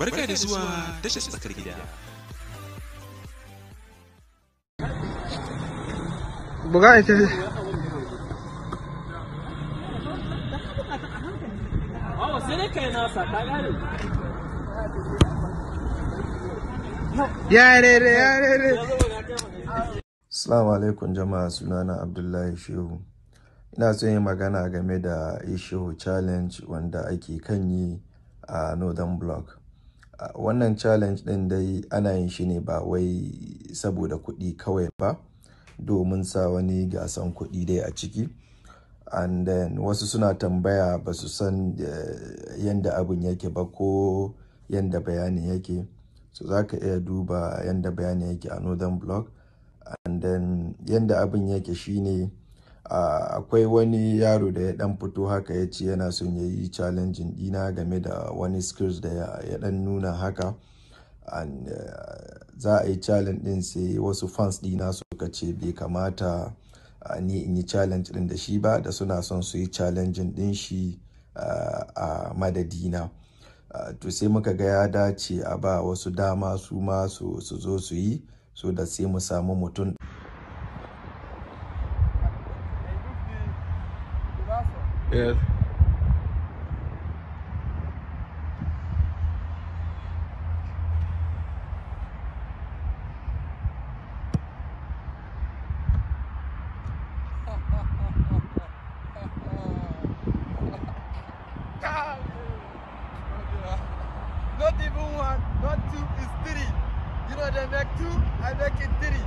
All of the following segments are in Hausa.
Barka da zuwa tashar tsakar gida. Buga ita Ya rere, ya rere. salamu alaikum jama'a sunana Abdullahi Shehu. Ina so yin magana game da Ishehu challenge wanda ake kan yi a Northern Block. wannan challenge ɗin dai ana yin shi ne ba wai saboda kuɗi kawai ba domin sa wani gasan kuɗi dai a ciki and then wasu suna tambaya ba su san eh, yadda abin yake ba ko yadda bayanin yake so za ka iya duba yadda bayanin yake a northern block and then yadda abin yake shine akwai wani yaro da ya dan fito haka ya ce yana son ya yi challenge dina game da wani skills da ya dan nuna haka and eh, za a yi challenge din sai wasu fans dina suka ce bai kamata ni in yi challenge din da shi ba da suna son su yi challenge din shi a madadina to sai muka ga ya dace a ba wasu dama su ma su zo su yi so da sai mu samu mutum Yeah. Not even one, not two, it's three. You know they make two, I make it three.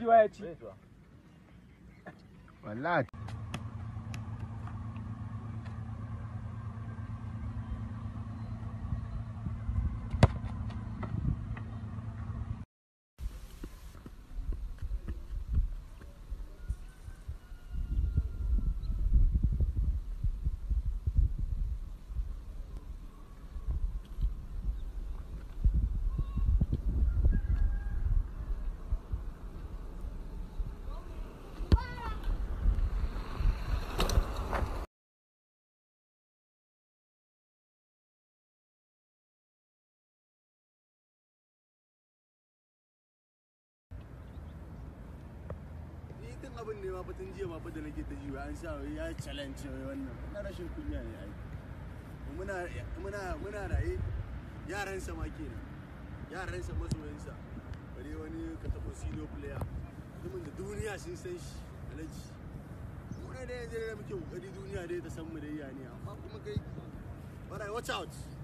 جواتي والله abin ne ma fatan jiya ma fa da nake ta wa? an sa ya challenge wannan na rashin kunya ne ai muna muna muna raye yaran sa ma kenan yaran sa masoyan sa bare wani ka tabo senior player mutumin da duniya sun san shi alaji muna da yanzu da muke kokari duniya dai ta san mu da ne amma kuma kai bara watch out